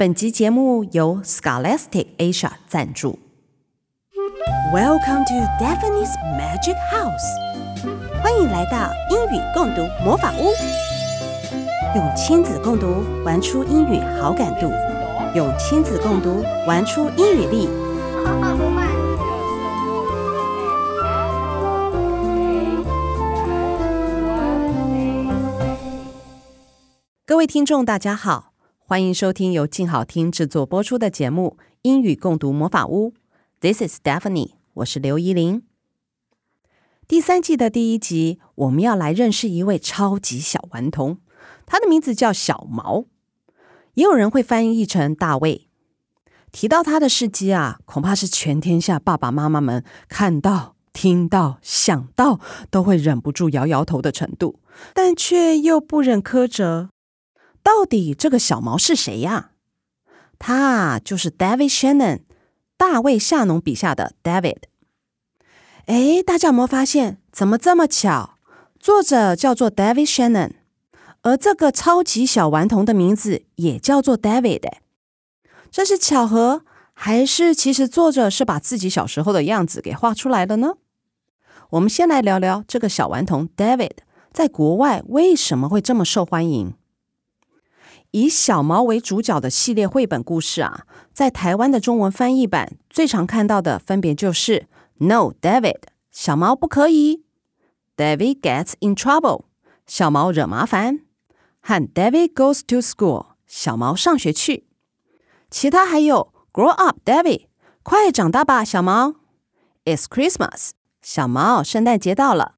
本集節目由 Scholastic Asia 贊助。Welcome to Daphne's Magic House。歡迎來到英語共讀魔法屋。用親子共讀玩出英語好感度，用親子共讀玩出英語力。Oh、各位聽眾，大家好。歡迎收聽由靜好聽製作播出的節目《英語共讀魔法屋》。This is Stephanie，我是劉怡伶。第三季的第一集，我們要來認識一位超級小頑童，他的名字叫小毛，也有人會翻譯成大衛。提到他的事蹟啊，恐怕是全天下爸爸媽媽們看到、聽到、想到都會忍不住搖搖頭的程度，但卻又不忍苛責。到底這個小毛是誰呀、啊？他就是 David Shannon，大衛夏農筆下的 David。哎，大家有沒有發現，怎麼這麼巧？作者叫做 David Shannon，而這個超級小頑童的名字也叫做 David。這是巧合，還是其實作者是把自己小時候的樣子給畫出來的呢？我們先來聊聊這個小頑童 David 在國外為什麼會這麼受歡迎。以小毛為主角的系列繪本故事啊，在台灣的中文翻譯版最常看到的分別就是 “No, David”，小毛不可以；“David gets in trouble”，小毛惹麻煩；“和 David goes to school”，小毛上學去。其他還有 “Grow up, David”，快長大吧，小毛；“It's Christmas”，小毛聖誕節到了。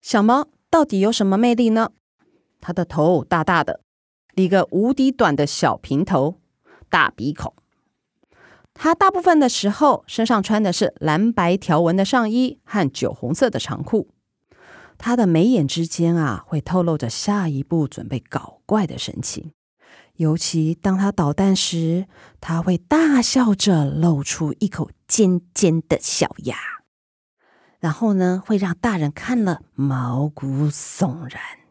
小毛到底有什麼魅力呢？他的頭大大的。一個無敵短的小平頭，大鼻孔。他大部分的時候身上穿的是藍白條紋的上衣和酒紅色的長褲。他的眉眼之間啊，會透露着下一步準備搞怪的神情。尤其當他搗蛋時，他會大笑着露出一口尖尖的小牙，然後呢，會讓大人看了毛骨悚然。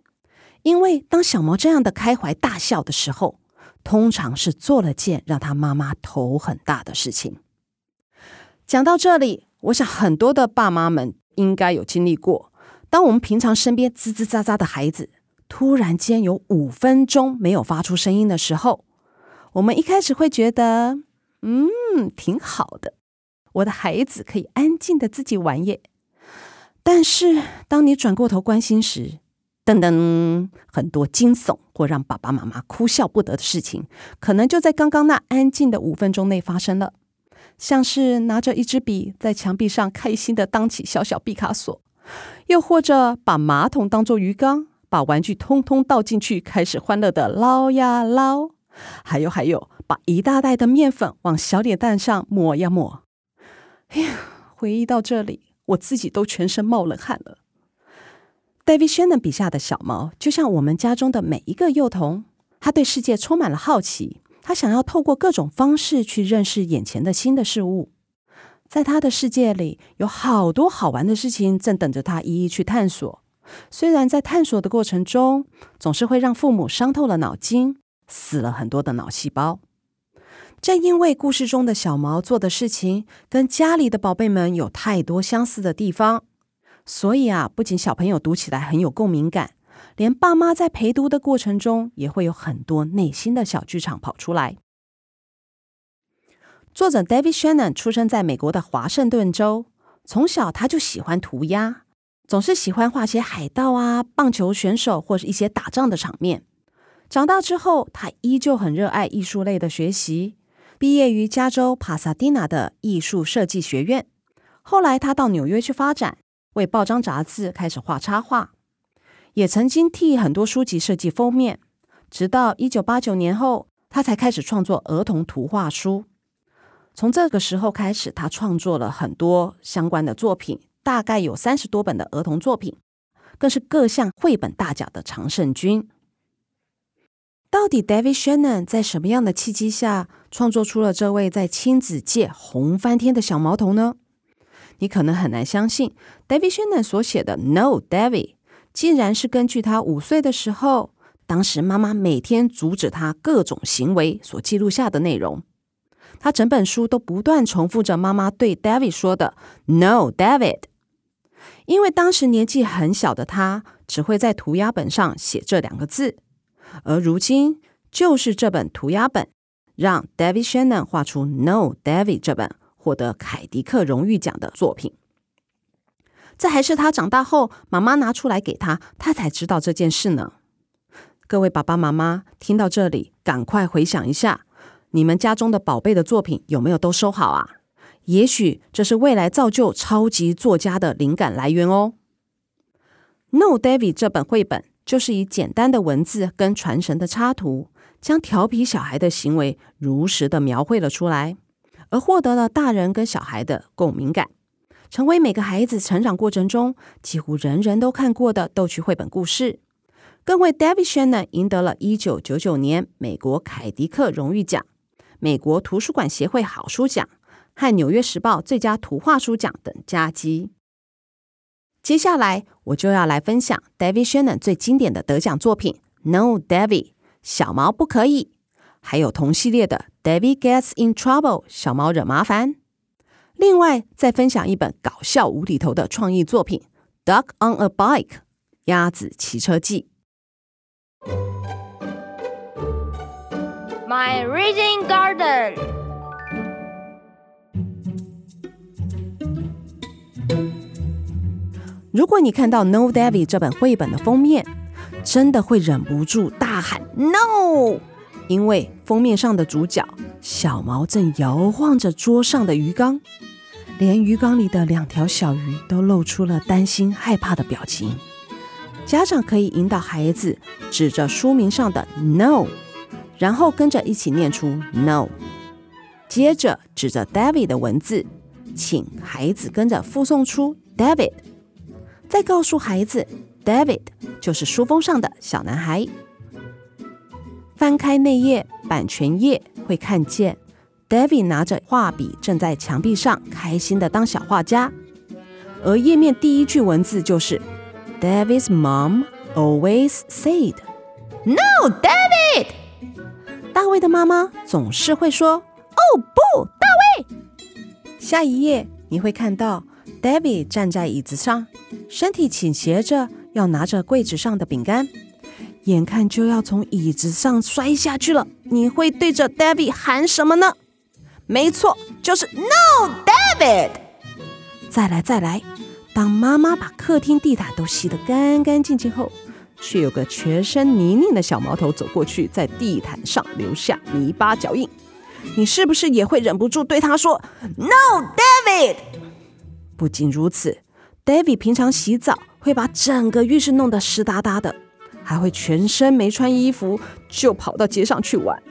因為當小毛這樣的開懷大笑的時候，通常是做了件讓他媽媽頭很大的事情。講到這裡，我想很多的爸媽們應該有經歷過：當我們平常身邊吱吱喳喳的孩子，突然間有五分鐘沒有發出聲音的時候，我們一開始會覺得，嗯，挺好的，我的孩子可以安靜的自己玩耶。但是當你轉過頭關心時，噔噔，很多驚悚或讓爸爸媽媽哭笑不得的事情，可能就在剛剛那安靜的五分鐘內發生了。像是拿着一支筆在牆壁上開心的當起小小畢卡索，又或者把馬桶當做魚缸，把玩具通通倒進去，開始歡樂的撈呀撈。還有還有，把一大袋的麵粉往小臉蛋上抹呀抹。哎呀，回憶到這裡，我自己都全身冒冷汗了。David Shannon 筆下的小毛，就像我們家中的每一個幼童，他對世界充滿了好奇，他想要透過各種方式去認識眼前的新的事物。在他的世界裡，有好多好玩的事情正等着他一一去探索。雖然在探索的過程中，總是會讓父母傷透了腦筋，死了很多的腦細胞。正因為故事中的小毛做的事情，跟家裡的寶貝們有太多相似的地方。所以啊，不僅小朋友讀起來很有共鳴感，連爸媽在陪讀的過程中也會有很多內心的小劇場跑出來。作者 David Shannon 出生在美國的華盛頓州，從小他就喜歡塗鴉，總是喜歡畫些海盜啊、棒球選手或是一些打仗的場面。長大之後，他依舊很熱愛藝術類的學習，畢業於加州帕薩迪納的藝術設計學院。後來他到紐約去發展。為報章雜誌開始畫插畫，也曾經替很多書籍設計封面，直到一九八九年後，他才開始創作兒童圖畫書。從這個時候開始，他創作了很多相關的作品，大概有三十多本的兒童作品，更是各項繪本大獎的常勝軍。到底 David Shannon 在什麼樣的契機下創作出了這位在親子界紅翻天的小毛頭呢？你可能很難相信，David Shannon 所寫的 “No David” 竟然是根據他五歲的時候，當時媽媽每天阻止他各種行為所記錄下的內容。他整本書都不斷重複着媽媽對 David 說的 “No David”，因為當時年紀很小的他只會在塗鴉本上寫這兩個字，而如今就是這本塗鴉本讓 David Shannon 畫出 “No David” 這本。獲得凱迪克榮譽獎的作品，這還是他長大後媽媽拿出來給他，他才知道這件事呢。各位爸爸媽媽聽到這裡，趕快回想一下，你們家中的寶貝的作品有沒有都收好啊？也許這是未來造就超級作家的靈感來源哦。No, David 這本繪本就是以簡單的文字跟傳神的插圖，將調皮小孩的行為如實的描繪了出來，而獲得了大人跟小孩的共鳴感，成為每個孩子成長過程中幾乎人人都看過的逗趣繪本故事，更為 David Shannon 贏得了一九九九年美國凱迪克榮譽獎、美國圖書館協會好書獎和紐約時報最佳圖畫書獎等佳績。接下來，我就要來分享 David Shannon 最經典的得獎作品《No, David》，小毛不可以。還有同系列的《David Gets in Trouble》小貓惹麻煩。另外，再分享一本搞笑無厘頭的創意作品《Duck on a Bike》鴨子騎車記。My Reading Garden。如果你看到《No, David》這本繪本的封面，真的會忍不住大喊 “No”。因為封面上的主角小毛正搖晃着桌上的魚缸，連魚缸裡的兩條小魚都露出了擔心、害怕的表情。家長可以引導孩子指着書名上的 “no”，然後跟着一起念出 “no”，接着指着 David 的文字，請孩子跟着複誦出 “David”，再告訴孩子 David 就是書封上的小男孩。翻開內頁版權頁，會看見 David 拿着畫筆正在牆壁上開心地當小畫家，而頁面第一句文字就是 “David's mom always said, 'No, David'”。大衛的媽媽總是會說：“哦、oh，不，大衛！”下一頁你會看到 David 站在椅子上，身體傾斜着，要拿着櫃子上的餅乾。眼看就要從椅子上摔下去了，你會對着 David 喊什麼呢？沒錯，就是 No David！再來再來。當媽媽把客廳地毯都吸得乾乾淨淨後，卻有個全身泥濘的小毛頭走過去，在地毯上留下泥巴腳印。你是不是也會忍不住對他說 No David？不僅如此，David 平常洗澡會把整個浴室弄得濕噠噠的。還會全身沒穿衣服就跑到街上去玩，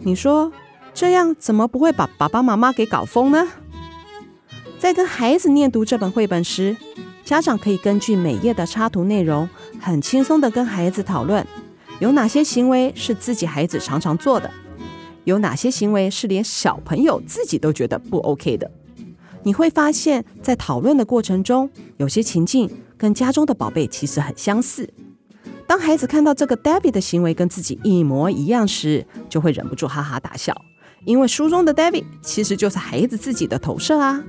你說這樣怎麼不會把爸爸媽媽給搞瘋呢？在跟孩子念讀這本繪本時，家長可以根據每頁的插圖內容，很輕鬆地跟孩子討論有哪些行為是自己孩子常常做的，有哪些行為是連小朋友自己都覺得不 OK 的。你會發現，在討論的過程中，有些情境跟家中的寶貝其實很相似。當孩子看到這個 David 的行為跟自己一模一樣時，就會忍不住哈哈大笑，因為書中的 David 其實就是孩子自己的投射啊。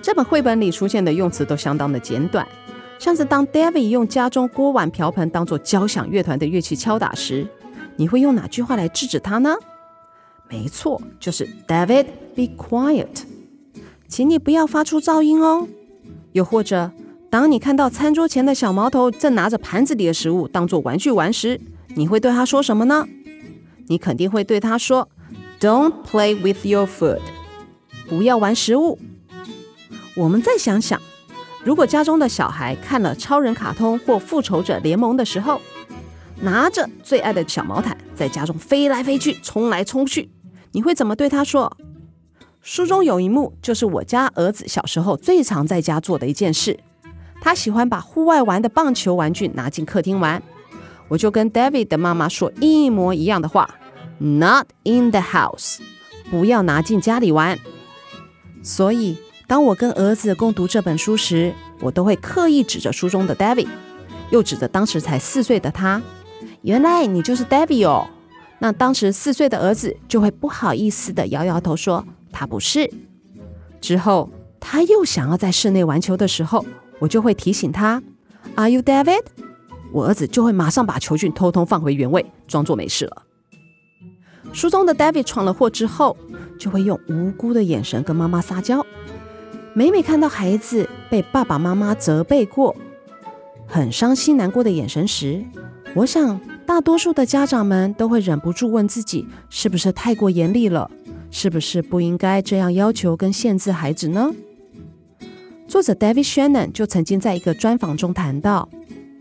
這本繪本裡出現的用詞都相當的簡短，像是當 David 用家中鍋碗瓢盆當做交響樂團的樂器敲打時，你會用哪句話來制止他呢？沒錯，就是 David，be quiet，請你不要發出噪音哦。又或者。當你看到餐桌前的小毛頭正拿着盤子裡的食物當作玩具玩時，你會對他說什麼呢？你肯定會對他說：“Don't play with your food，不要玩食物。”我們再想想，如果家中的小孩看了超人卡通或復仇者聯盟的時候，拿着最愛的小毛毯在家中飛來飛去、衝來衝去，你會怎麼對他說？書中有一幕，就是我家兒子小時候最常在家做的一件事。他喜歡把戶外玩的棒球玩具拿進客廳玩，我就跟 David 的媽媽說一模一樣的話：“Not in the house，不要拿進家裡玩。”所以，當我跟兒子共讀這本書時，我都會刻意指着書中的 David，又指着當時才四歲的他：“原來你就是 David 哦。”那當時四歲的兒子就會不好意思的搖搖頭說：“他不是。”之後他又想要在室內玩球的時候。我就會提醒他，Are you David？我兒子就會馬上把球棍偷偷放回原位，裝作沒事了。書中的 David 闖了禍之後，就會用無辜的眼神跟媽媽撒嬌。每每看到孩子被爸爸媽媽責備過，很傷心難過的眼神時，我想大多數的家長們都會忍不住問自己：是不是太過嚴厲了？是不是不應該這樣要求跟限制孩子呢？作者 David Shannon 就曾經在一個專訪中談到，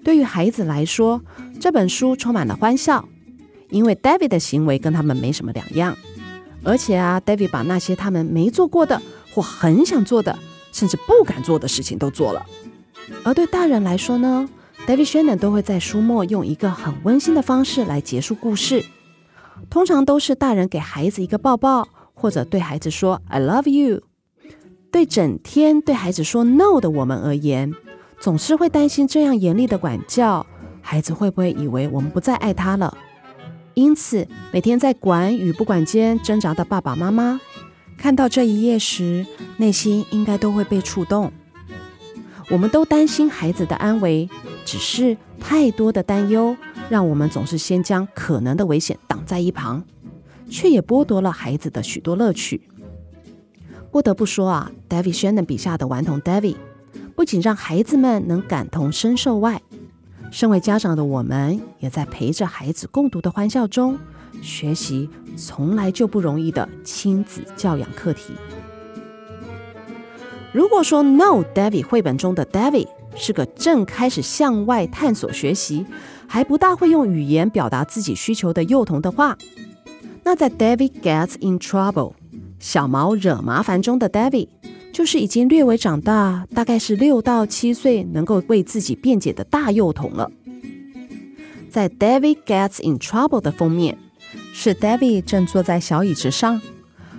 對於孩子來說，這本書充滿了歡笑，因為 David 的行為跟他們沒什麼兩樣，而且啊，David 把那些他們沒做過的或很想做的，甚至不敢做的事情都做了。而對大人來說呢，David Shannon 都會在書末用一個很溫馨的方式來結束故事，通常都是大人給孩子一個抱抱，或者對孩子說 “I love you”。對整天對孩子說 “no” 的我們而言，總是會擔心這樣嚴厲的管教，孩子會不會以為我們不再愛他了？因此，每天在管與不管間掙扎的爸爸媽媽，看到這一頁時，內心應該都會被觸動。我們都擔心孩子的安危，只是太多的擔憂，讓我們總是先將可能的危險擋在一旁，卻也剝奪了孩子的許多樂趣。不得不說啊，David Shannon 筆下的頑童 David，不僅讓孩子們能感同身受外，身為家長的我們，也在陪着孩子共讀的歡笑中，學習從來就不容易的親子教養課題。如果說《No David》繪本中的 David 是個正開始向外探索、學習，還不大會用語言表達自己需求的幼童的話，那在《David Gets in Trouble》，小毛惹麻煩中的 David 就是已經略微長大，大概是六到七歲，能夠為自己辯解的大幼童了。在 David Gets in Trouble 的封面，是 David 正坐在小椅子上，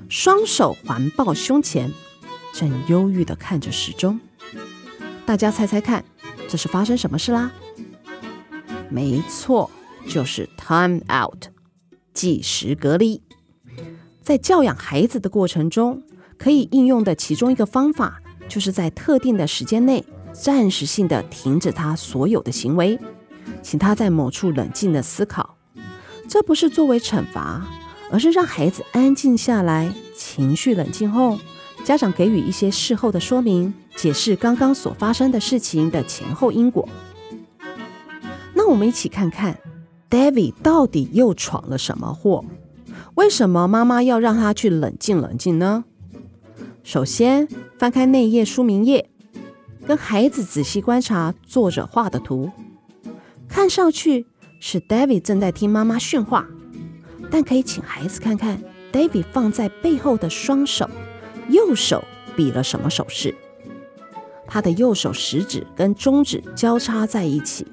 雙手環抱胸前，正憂鬱地看着時鐘。大家猜猜看，這是發生什麼事啦？沒錯，就是 Time Out，計時隔離。在教養孩子的過程中，可以應用的其中一個方法，就是在特定的時間內，暫時性的停止他所有的行為，請他在某處冷靜的思考。這不是作為懲罰，而是讓孩子安靜下來，情緒冷靜後，家長給予一些事後的說明，解釋剛剛所發生的事情的前後因果。那我們一起看看，David 到底又闖了什麼禍。為什麼媽媽要讓他去冷靜冷靜呢？首先，翻開那頁書名頁，跟孩子仔細觀察作者畫的圖。看上去是 David 正在聽媽媽訓話，但可以請孩子看看 David 放在背後的雙手，右手比了什麼手勢？他的右手食指跟中指交叉在一起，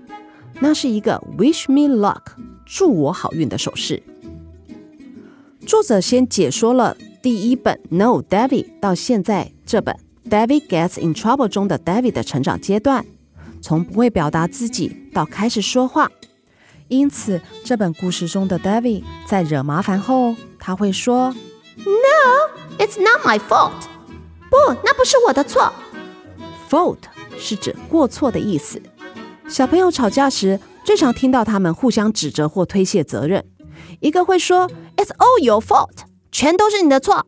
那是一個 “Wish me luck”（ 祝我好運）的手勢。作者先解說了第一本 No, David 到現在這本 David Gets in Trouble 中的 David 的成長階段，從不會表達自己到開始說話。因此，這本故事中的 David 在惹麻煩後，他會說 No, it's not my fault。不，那不是我的錯。Fault 是指過錯的意思。小朋友吵架時，最常聽到他們互相指責或推卸責任。一個會說 "It's all your fault"，全都是你的錯；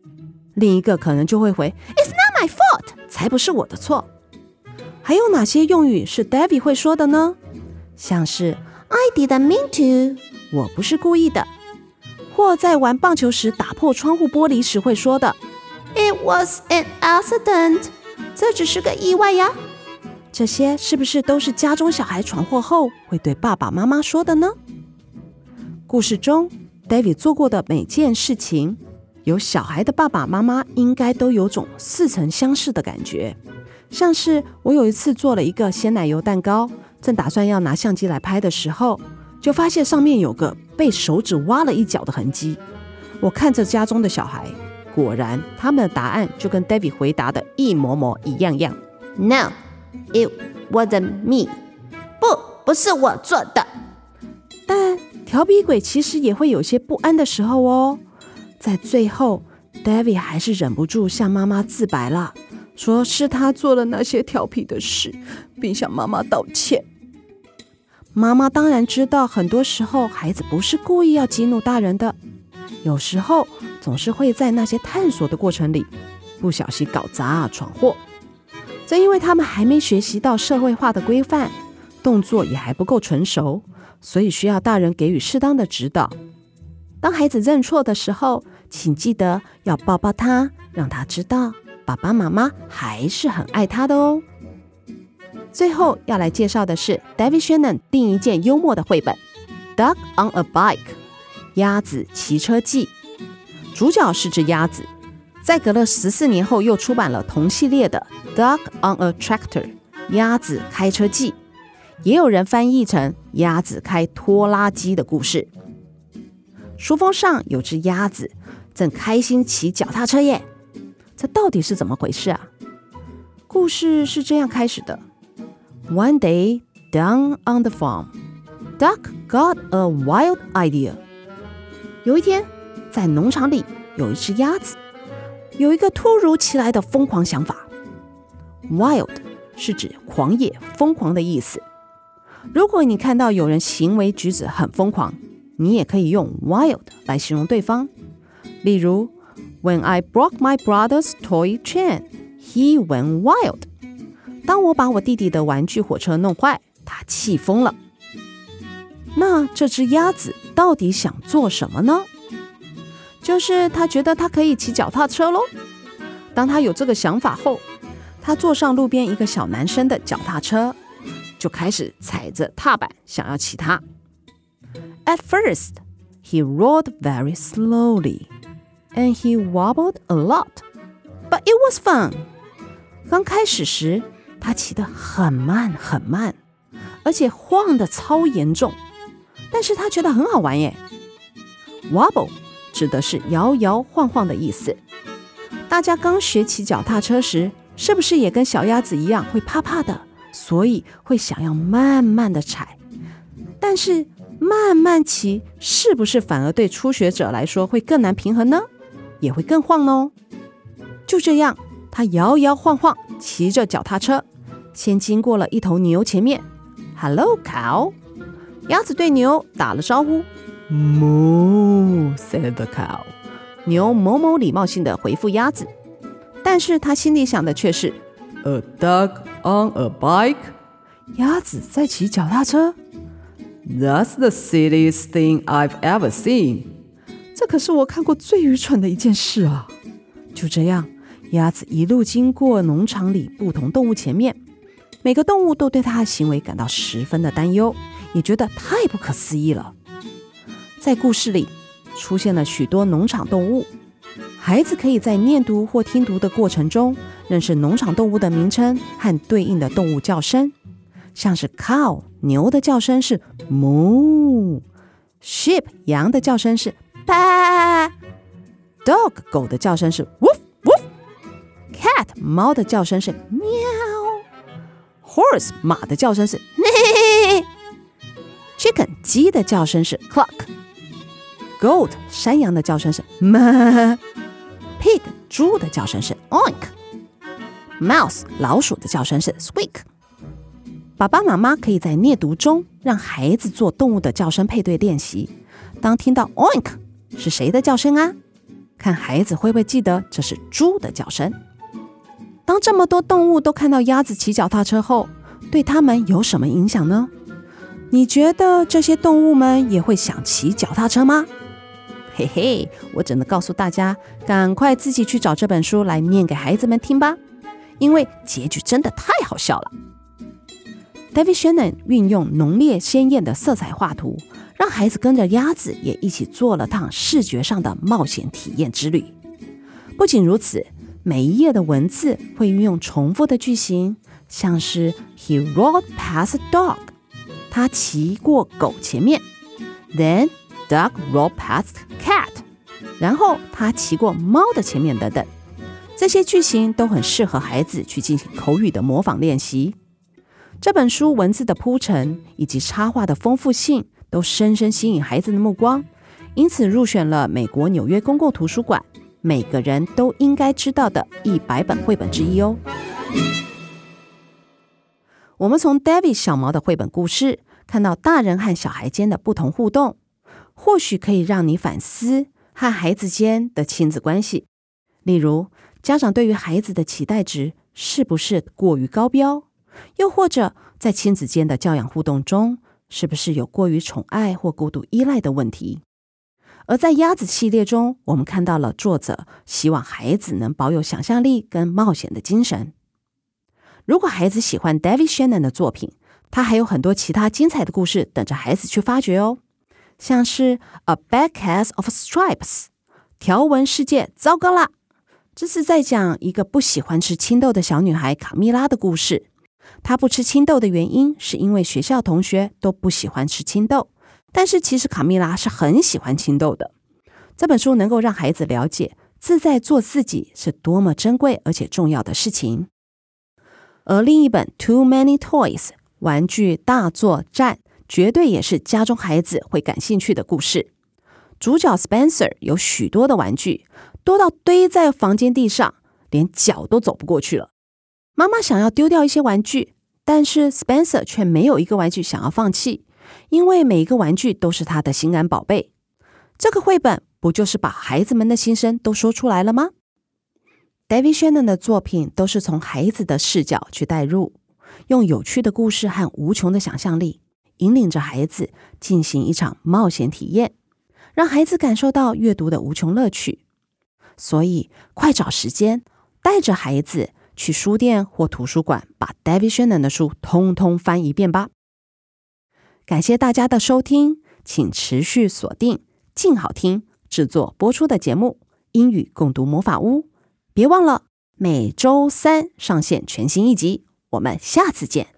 另一個可能就會回 "It's not my fault"，才不是我的錯。還有哪些用語是 David 會說的呢？像是 "I didn't mean to"，我不是故意的；或在玩棒球時打破窗戶玻璃時會說的 "It was an accident"，這只是個意外呀。這些是不是都是家中小孩闖禍後會對爸爸媽媽說的呢？故事中，David 做過的每件事情，有小孩的爸爸媽媽應該都有種似曾相識的感覺。像是我有一次做了一個鮮奶油蛋糕，正打算要拿相機來拍的時候，就發現上面有個被手指挖了一角的痕跡。我看着家中的小孩，果然他們的答案就跟 David 回答的一模模一樣樣。No，it wasn't me。不，不是我做的。但調皮鬼其實也會有些不安的時候哦。在最後，David 還是忍不住向媽媽自白了，說是他做了那些調皮的事，並向媽媽道歉。媽媽當然知道，很多時候孩子不是故意要激怒大人的，有時候總是會在那些探索的過程裡不小心搞砸啊、闖禍。正因為他們還沒學習到社會化的規範，動作也還不夠成熟。所以需要大人給予適當的指導。當孩子認錯的時候，請記得要抱抱他，讓他知道爸爸媽媽還是很愛他的哦。最後要來介紹的是 David Shannon 另一件幽默的繪本《Duck on a Bike》（鴨子騎車記）。主角是隻鴨子，在隔了十四年後又出版了同系列的《Duck on a Tractor》（鴨子開車記），也有人翻譯成。鴨子開拖拉機的故事。書封上有只鴨子，正開心騎腳踏車耶。這到底是怎麼回事啊？故事是這樣開始的：One day down on the farm, duck got a wild idea。有一天，在農場裡有一只鴨子，有一個突如其來的瘋狂想法。Wild 是指狂野、瘋狂的意思。如果你看到有人行為舉止很瘋狂，你也可以用 wild 來形容對方。例如，When I broke my brother's toy train, he went wild. 當我把我弟弟的玩具火車弄壞，他氣瘋了。那這只鴨子到底想做什麼呢？就是他覺得它可以騎腳踏車嘍。當他有這個想法後，他坐上路邊一個小男生的腳踏車。就開始踩着踏板想要騎它。At first, he rode very slowly and he wobbled a lot, but it was fun. 剛開始時，他騎得很慢很慢，而且晃得超嚴重，但是他覺得很好玩耶。Wobble 指的是搖搖晃晃的意思。大家剛學騎腳踏車時，是不是也跟小鴨子一樣會怕怕的？所以會想要慢慢的踩，但是慢慢騎是不是反而對初學者來說會更難平衡呢？也會更晃哦。就這樣，他搖搖晃晃晃，騎著腳踏車，先經過了一頭牛前面。Hello cow，鴨子對牛打了招呼。Moo, said the cow，牛哞哞禮貌性的回覆鴨子，但是他心裡想的卻是 A duck。On a bike，鴨子在騎腳踏車。That's the silliest thing I've ever seen。這可是我看過最愚蠢的一件事啊！就這樣，鴨子一路經過農場裡不同動物前面，每個動物都對它的行為感到十分的擔憂，也覺得太不可思議了。在故事裡出現了許多農場動物。孩子可以在念讀或聽讀的過程中，認識農場動物的名稱和對應的動物叫聲，像是 cow 牛的叫聲是 moo，sheep 羊的叫聲是 baa，dog 狗的叫聲是 woof woof，cat 貓的叫聲是喵，horse 馬的叫聲是 neigh，chicken 雞的叫聲是 clock，goat 山羊的叫聲是媽。pig 豬的叫聲是 oink，mouse 老鼠的叫聲是 squeak。爸爸媽媽可以在念讀中讓孩子做動物的叫聲配對練習。當聽到 oink 是誰的叫聲啊？看孩子會不會記得這是豬的叫聲？當這麼多動物都看到鴨子騎腳踏車後，對它們有什麼影響呢？你覺得這些動物們也會想騎腳踏車嗎？嘿嘿，我只能告訴大家，趕快自己去找這本書來念給孩子們聽吧，因為結局真的太好笑了。David Shannon 運用濃烈鮮豔的色彩畫圖，讓孩子跟着鴨子也一起做了趟視覺上的冒險體驗之旅。不僅如此，每一頁的文字會運用重複的句型，像是 He rode past a dog，他騎過狗前面，Then。Duck rode past cat，然後他騎過貓的前面等等，這些句型都很適合孩子去進行口語的模仿練習。這本書文字的鋪陳以及插畫的豐富性都深深吸引孩子的目光，因此入選了美國紐約公共圖書館每個人都應該知道的一百本繪本之一哦。我們從 David 小毛的繪本故事看到大人和小孩間的不同互動。或許可以讓你反思和孩子間的親子關係，例如家長對於孩子的期待值是不是過於高標，又或者在親子間的教養互動中是不是有過於寵愛或過度依賴的問題。而在鴨子系列中，我們看到了作者希望孩子能保有想象力跟冒險的精神。如果孩子喜歡 David Shannon 的作品，他還有很多其他精彩的故事等着孩子去發掘哦。像是 A Bad Case of Stripes，條紋世界，糟糕啦。這是在講一個不喜歡吃青豆的小女孩卡蜜拉的故事。她不吃青豆的原因是因為學校同學都不喜歡吃青豆，但是其實卡蜜拉是很喜歡青豆的。這本書能夠讓孩子了解自在做自己是多麼珍貴而且重要的事情。而另一本 Too Many Toys，玩具大作戰。絕對也是家中孩子會感興趣的故事。主角 Spencer 有許多的玩具，多到堆在房間地上，連腳都走不過去了。媽媽想要丟掉一些玩具，但是 Spencer 卻沒有一個玩具想要放棄，因為每一個玩具都是他的心肝寶貝。這個繪本不就是把孩子們的心聲都說出來了嗎？David Shannon 的作品都是從孩子的視角去代入，用有趣的故事和無窮的想象力。引領着孩子進行一場冒險體驗，讓孩子感受到閱讀的無窮樂趣。所以，快找時間帶着孩子去書店或圖書館，把 David Shannon 的書通通翻一遍吧。感謝大家的收聽，請持續鎖定“靜好聽”製作播出的節目《英語共讀魔法屋》。別忘了每週三上線全新一集，我們下次見。